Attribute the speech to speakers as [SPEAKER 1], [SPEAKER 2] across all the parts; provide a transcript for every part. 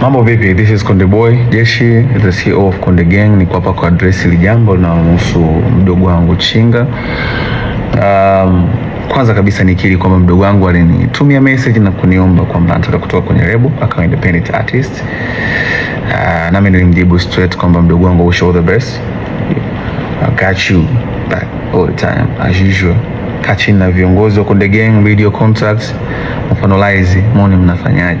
[SPEAKER 1] Mambo vipi? This is Konde Boy Jeshi, the CEO of Konde Gang. Niko hapa kwa address hili jambo na linalomhusu mdogo wangu Chinga. Um, kwanza kabisa nikiri kwamba mdogo wangu alinitumia message na kuniomba kwamba anataka kutoka kwenye lebo akawa independent artist. Uh, nami nilimjibu straight kwamba mdogo wangu, wish all the best. I got you back all the time as usual. Kachini na viongozi wa Konde Gang, video contacts, mfano laizi, mwone mnafanyaje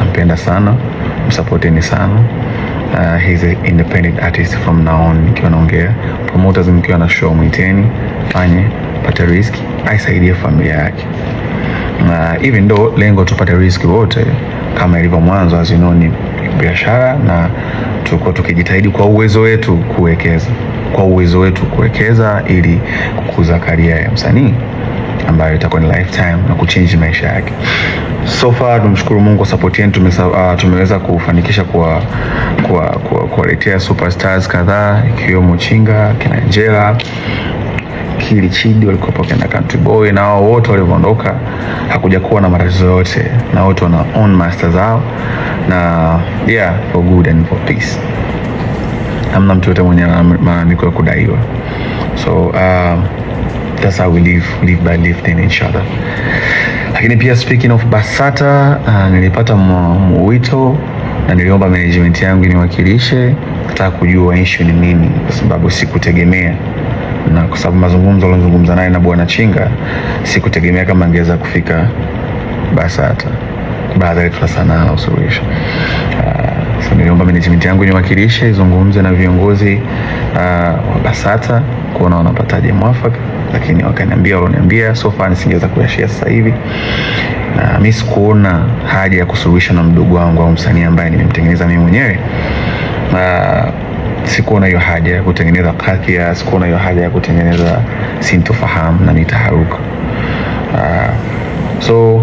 [SPEAKER 1] napenda sana, msapoteni sana uh, he's an independent artist from now on. Nikiwa naongea promoters, mkiwa na show mwiteni, fanye pata risk aisaidie familia yake na uh, even though lengo tupate riski wote kama ilivyo mwanzo, as you know, ni biashara na tuko tukijitahidi kwa uwezo wetu kuwekeza kwa uwezo wetu kuwekeza ili kukuza karia ya msanii ambayo itakuwa ni lifetime na kuchange maisha yake. So far tumshukuru Mungu kwa support yetu, uh, tumeweza kufanikisha kwa kwa kuwaletea superstars kadhaa ikiwemo Chinga, kina Angela Kili walikuwa pokea na Country Boy na wao wote walivyoondoka hakuja kuwa na matatizo yote, na wote wana own master zao na yeah for good and for peace. Hamna mtu yote mwenye malalamiko ya kudaiwa so uh, that's how we live, we live by lifting each other. Lakini pia speaking of BASATA uh, nilipata mwito na niliomba management yangu niwakilishe, nataka kujua issue ni nini, kwa sababu sikutegemea na kwa sababu mazungumzo alizungumza naye na Bwana Chinga, sikutegemea kama angeweza kufika BASATA. Baada ya sanaa na usuluhisho uh, so niliomba management yangu niwakilishe, izungumze na viongozi uh, wa BASATA kuona wanapataje mwafaka lakini wakaniambia waloniambia so far nisingeweza kuyashia sasa hivi, na mimi sikuona haja ya kusuluhisha na mdogo wangu au msanii ambaye nimemtengeneza mimi mwenyewe na sikuona hiyo haja ya kutengeneza kadhia, sikuona hiyo haja ya kutengeneza sintofahamu na nitaharuka. Uh, so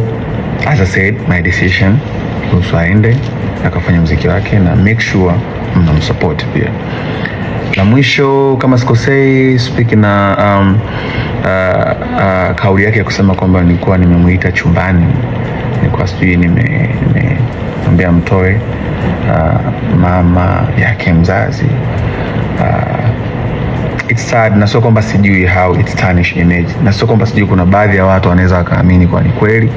[SPEAKER 1] as I said my decision kuhusu aende akafanya muziki wake na make sure mnamsupoti pia la mwisho kama sikosei, spiki na um, uh, uh, kauli yake ya kusema kwamba nilikuwa nimemuita chumbani, nilikuwa sijui nimeambia nime mtoe uh, mama yake mzazi uh, it's sad, na sio kwamba sijui how it's tarnish image, na sio kwamba sijui, kuna baadhi ya watu wanaweza wakaamini kwa ni kweli,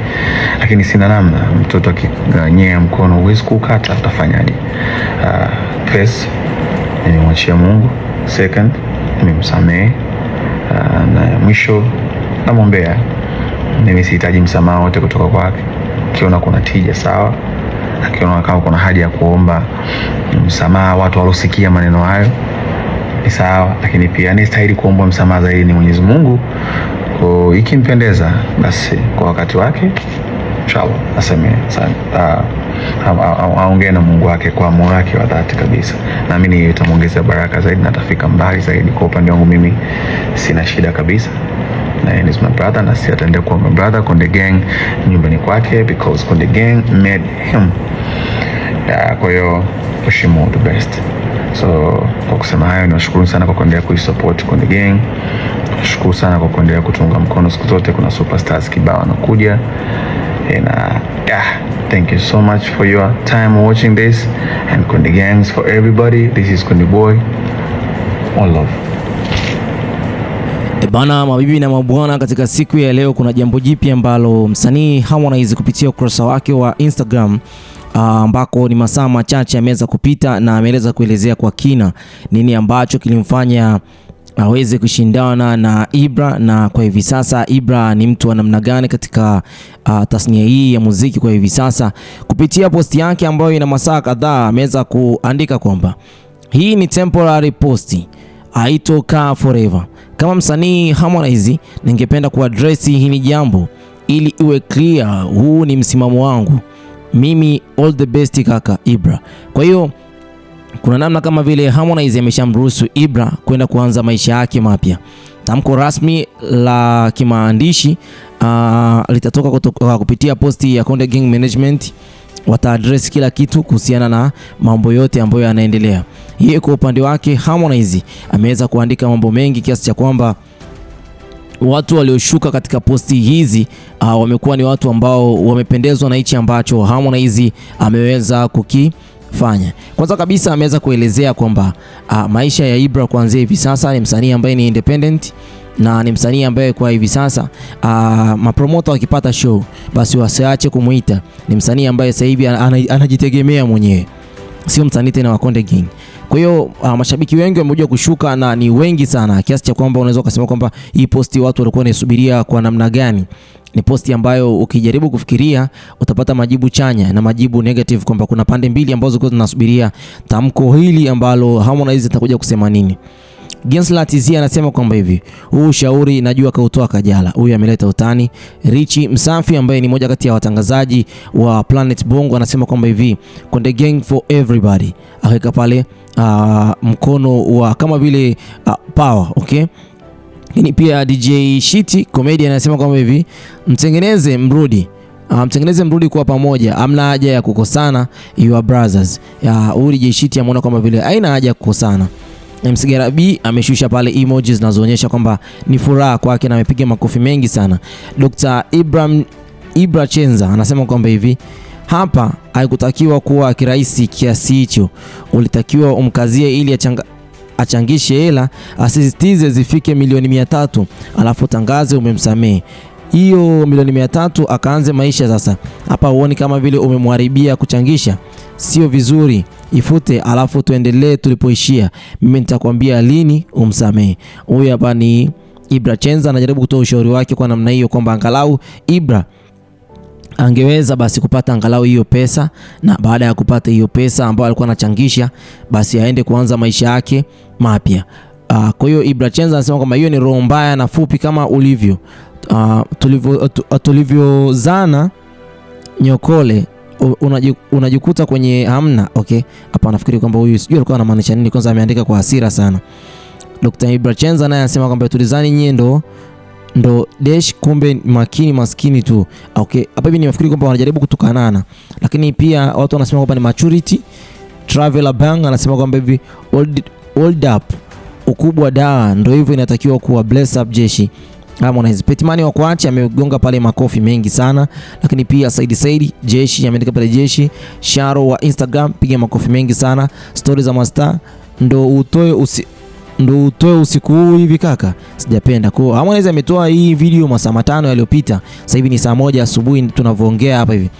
[SPEAKER 1] lakini sina namna. Mtoto akinyea mkono huwezi kukata, utafanyaje? uh, nimemwachia Mungu. Second, nimemsamehe ah, na mwisho namwombea. Mimi sihitaji msamaha wote kutoka kwake. Akiona kuna tija sawa, akiona kama kuna haja ya kuomba msamaha watu walosikia maneno hayo ni sawa, lakini pia ni stahili kuomba msamaha zaidi ni Mwenyezi Mungu, ikimpendeza basi kwa wakati wake inshallah aseme sana aongee na Mungu wake kwa moyo wake wa dhati kabisa. Naamini itamwongezea baraka zaidi na atafika mbali zaidi. Kwa upande wangu mimi sina shida kabisa na yeye ni my brother na si ataendea kuwa my brother. Konde Gang nyumbani kwake because Konde Gang made him. Kwa hiyo heshimu the best. So kwa kusema hayo, niwashukuru sana kwa kuendelea kuisupport Konde Gang. Nashukuru sana kwa kuendelea kutunga mkono siku zote. Kuna superstars kibao wanakuja and uh, yeah thank you so much for your time watching this and Kundi Gangs for everybody this is Kundi Boy all love
[SPEAKER 2] Ebana, mabibi na mabwana, katika siku ya leo kuna jambo jipya ambalo msanii Harmonize kupitia ukurasa wake wa Instagram ah, ambako ni masaa machache ameweza kupita na ameweza kuelezea kwa kina nini ambacho kilimfanya aweze kushindana na Ibra na kwa hivi sasa Ibra ni mtu wa namna gani katika uh, tasnia hii ya muziki kwa hivi sasa. Kupitia posti yake ambayo ina masaa kadhaa, ameweza kuandika kwamba hii ni temporary posti, ka forever. Kama msanii Harmonize, ningependa kuadresi hili jambo ili iwe clear. Huu ni msimamo wangu mimi. All the best kaka Ibra. Kwa hiyo kuna namna kama vile Harmonize ameshamruhusu Ibra kwenda kuanza maisha yake mapya. Tamko rasmi la kimaandishi uh, litatoka kutoka kupitia posti ya Konde Gang Management. address kila kitu kuhusiana na mambo yote ambayo yanaendelea. Yeye kwa upande wake Harmonize ameweza kuandika mambo mengi kiasi cha kwamba watu walioshuka katika posti hizi uh, wamekuwa ni watu ambao wamependezwa na hichi ambacho Harmonize ameweza kuki fanya. Kwanza kabisa ameweza kuelezea kwamba ah, maisha ya Ibra kuanzia hivi sasa ni msanii ambaye ni independent na ni msanii ambaye kwa hivi sasa ah, mapromota wakipata show basi wasiache kumuita. Ni msanii ambaye sasa hivi anajitegemea mwenyewe, sio msanii tena wa Konde Gang. Kwa hiyo ah, mashabiki wengi wamekuja kushuka na ni wengi sana, kiasi cha kwamba unaweza ukasema kwamba hii posti watu walikuwa wanasubiria kwa namna gani ni posti ambayo ukijaribu kufikiria utapata majibu chanya na majibu negative, kwamba kuna pande mbili ambazo zilikuwa zinasubiria tamko hili ambalo Harmonize atakuja kusema nini. Gensla TZ anasema kwamba hivi huu ushauri najua kautoa Kajala, huyu ameleta utani. Richi Msafi ambaye ni moja kati ya watangazaji wa Planet Bongo anasema kwamba hivi Konde Gang for everybody, akaweka pale uh, mkono wa kama vile uh, power okay lakini pia DJ Shiti comedy anasema kwamba hivi mtengeneze mrudi ah, mtengeneze mrudi kuwa pamoja, amna haja ya kukosana, you are brothers. Huyu DJ Shiti ameona kwamba vile haina haja ya kukosana. MC Garabi ameshusha pale emojis zinazoonyesha kwamba ni furaha kwake na amepiga makofi mengi sana. Dr. Ibrahim Ibra Chenza anasema kwamba hivi hapa haikutakiwa kuwa kirahisi kiasi hicho, ulitakiwa umkazie ili achanga achangishe hela, asisitize zifike milioni mia tatu alafu tangaze umemsamehe hiyo milioni mia tatu akaanze maisha sasa. Hapa huoni kama vile umemharibia kuchangisha, sio vizuri. Ifute alafu tuendelee tulipoishia. Mimi nitakwambia lini umsamehe. Huyu hapa ni Ibra Chenza anajaribu kutoa ushauri wake kwa namna hiyo, kwamba angalau Ibra angeweza basi kupata angalau hiyo pesa, na baada ya kupata hiyo pesa ambayo alikuwa anachangisha, basi aende kuanza maisha yake mapya. Uh, Kwa hiyo Ibra Chenza anasema kwamba hiyo ni roho mbaya na fupi kama ulivyo uh, uh, tulivyo, tulivyozana nyokole unajikuta kwenye hamna. Okay, hapa nafikiri kwamba huyu sijui alikuwa anamaanisha nini, kwanza ameandika kwa hasira sana. Dr. Ibra Chenza naye anasema kwamba tulizani nyie ndo ndo dash, kumbe makini maskini tu. Ah, okay, hapa hivi nimefikiri kwamba wanajaribu kutukanana, lakini pia watu wanasema kwamba ni maturity. Traveler Bang anasema kwamba hivi old, old up ukubwa da, ndo hivyo inatakiwa kuwa bless up jeshi. Harmonize Petmani wa kuachi amegonga pale makofi mengi sana, lakini pia Said Said jeshi ameandika pale jeshi. Sharo wa Instagram piga makofi mengi sana. Stories za Masta ndo utoe usi ndo utoe usiku huu hivi kaka, sijapenda. Kwa hiyo Harmonize ametoa hii video masaa matano yaliyopita, sasa hivi ni saa moja asubuhi tunavyoongea hapa hivi.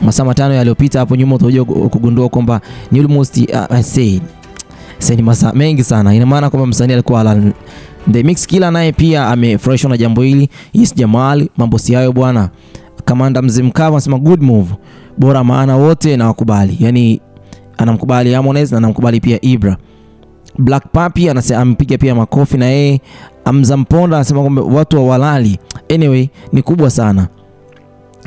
[SPEAKER 2] Masaa matano yaliyopita hapo nyuma utakuja kugundua kwamba ni almost uh, I say sasa ni masaa mengi sana, ina maana kwamba msanii alikuwa ala The Mix kila naye pia amefurahishwa na jambo hili. Yes Jamal, mambo si hayo bwana. Kamanda Mzee Mkava anasema good move. Bora maana wote na wakubali. yani anamkubali Harmonize na anamkubali pia Ibra. Black Papi ampiga pia makofi na yeye. Amzamponda anasema kwamba watu wa walali. Anyway, ni kubwa sana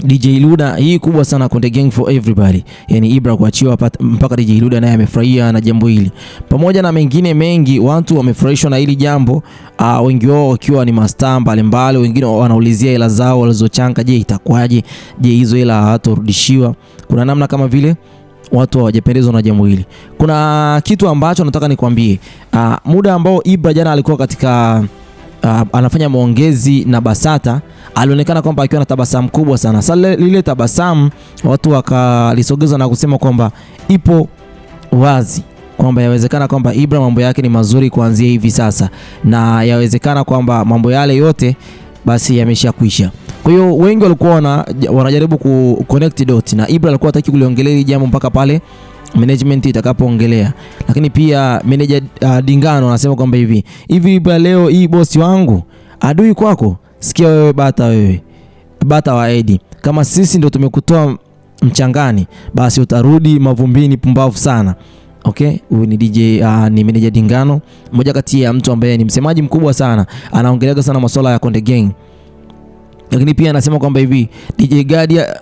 [SPEAKER 2] DJ Luda hii kubwa sana Konde Gang for everybody. Yaani Ibra kuachiwa mpaka DJ Luda naye amefurahia na jambo hili, pamoja na mengine mengi. Watu wamefurahishwa na hili jambo, ah, wengi wao wakiwa ni mastaa mbalimbali, wengine wanaulizia hela zao walizochanga. Je, itakuwaje? Je, hizo hela hawatorudishiwa? Kuna namna kama vile watu hawajapendezwa na jambo hili. Kuna kitu ambacho nataka nikwambie. Uh, muda ambao Ibra jana alikuwa katika uh, anafanya maongezi na Basata alionekana kwamba akiwa na tabasamu kubwa sana. Sasa lile tabasamu watu wakalisogeza na kusema kwamba ipo wazi kwamba yawezekana kwamba Ibra mambo yake ni mazuri kuanzia hivi sasa, na yawezekana kwamba mambo yale yote basi yameshakwisha kuisha. Kwa hiyo wengi walikuwa wanajaribu ku connect dot na Ibra alikuwa hataki kuliongelea hili jambo mpaka pale management itakapoongelea, lakini pia manager uh, Dingano anasema kwamba hivi hivi, Ibra leo hii bosi wangu adui kwako, sikia wewe bata, wewe bata wa Edi, kama sisi ndio tumekutoa mchangani, basi utarudi mavumbini, pumbavu sana. Okay, huyu ni DJ uh, ni manager Dingano, mmoja kati ya mtu ambaye ni msemaji mkubwa sana, anaongelea sana masuala ya Konde Gang lakini pia anasema kwamba hivi DJ Gadia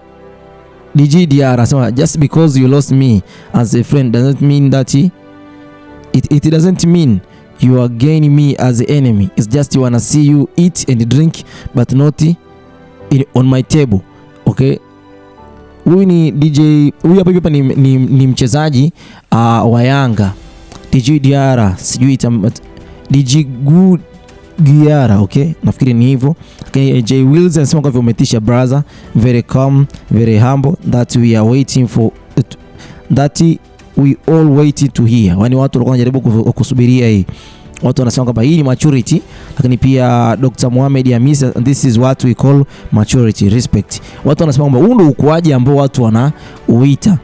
[SPEAKER 2] DJ DR anasema just because you lost me as a friend doesn't mean that it, it doesn't mean you are gaining me as an enemy it's just wanna see you eat and drink but not in, on my table okay huyu ni DJ huyu hapa hapa ni, ni, ni mchezaji uh, wa Yanga DJ Diara sijui DJ Good Giara, okay? Nafikiri ni hivyo. Okay, eh, Jay Wills anasema kwa umetisha brother, very calm, very humble that we are waiting for uh, that we all waiting to hear. Yaani watu walikuwa wanajaribu kusubiria hii. Watu wanasema kwamba hii ni maturity, lakini pia Dr. Mohamed Hamis, this is what we call maturity, respect. Watu wanasema kwamba huu ndio ukuaji ambao watu wanauita.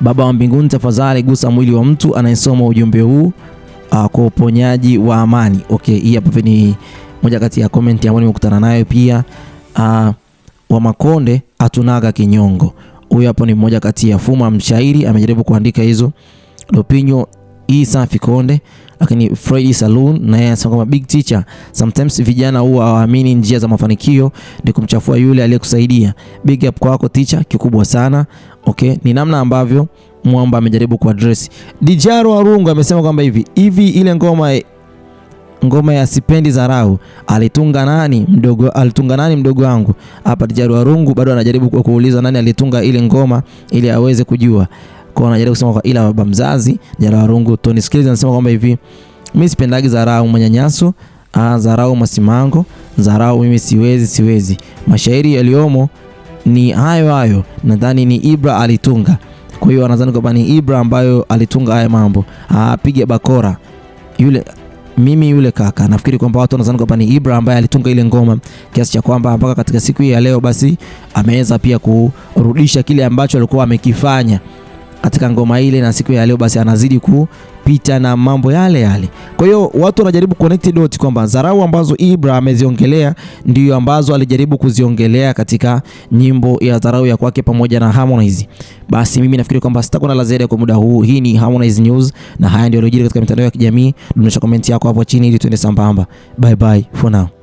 [SPEAKER 2] Baba wa mbinguni, tafadhali gusa mwili wa mtu anayesoma ujumbe huu uh, kwa uponyaji wa amani. Okay, hii hapa ni moja kati ya comment ambayo nimekutana nayo pia. Uh, wa Makonde atunaga kinyongo. Huyu hapo ni mmoja kati ya Fuma mshairi amejaribu kuandika hizo. Lopinyo hii safi Konde, lakini Freddy Saloon na yeye anasema kama big teacher, sometimes vijana huwa hawaamini njia za mafanikio, ni kumchafua yule aliyekusaidia. Big up kwako teacher, kikubwa sana. Okay, ni namna ambavyo Mwamba amejaribu kuaddress. Dijaro Arungu amesema kwamba hivi hivi ile ngoma ngoma ya sipendi dharau alitunga nani mdogo, alitunga nani mdogo wangu hapa. Dijaro Arungu bado anajaribu kuuliza nani alitunga ile ngoma ili aweze kujua, kwa anajaribu kusema kwa ila baba mzazi. Dijaro Arungu. Tony Skills anasema kwamba hivi mimi sipendagi dharau, manyanyaso, dharau, masimango, dharau, mimi siwezi, siwezi. Mashairi yaliyomo ni hayo hayo, nadhani ni Ibra alitunga kwa hiyo anadhani kwamba ni Ibra ambayo alitunga haya mambo, ah, apige bakora yule mimi yule kaka, nafikiri kwamba watu wanadhani kwamba ni Ibra ambaye alitunga ile ngoma, kiasi cha kwamba mpaka katika siku hii ya leo basi ameweza pia kurudisha kile ambacho alikuwa amekifanya katika ngoma ile, na siku ya leo basi anazidi ku, kupita na mambo yale yale. Kwa hiyo watu wanajaribu connect dot kwamba dharau ambazo Ibra ameziongelea ndiyo ambazo alijaribu kuziongelea katika nyimbo ya dharau ya kwake pamoja na Harmonize. Basi mimi nafikiri kwamba sitakuwa na la ziada kwa muda huu. Hii ni Harmonize News na haya ndio yaliyojiri katika mitandao ya kijamii. Dondosha comment yako hapo chini ili tuende sambamba. Bye bye for now.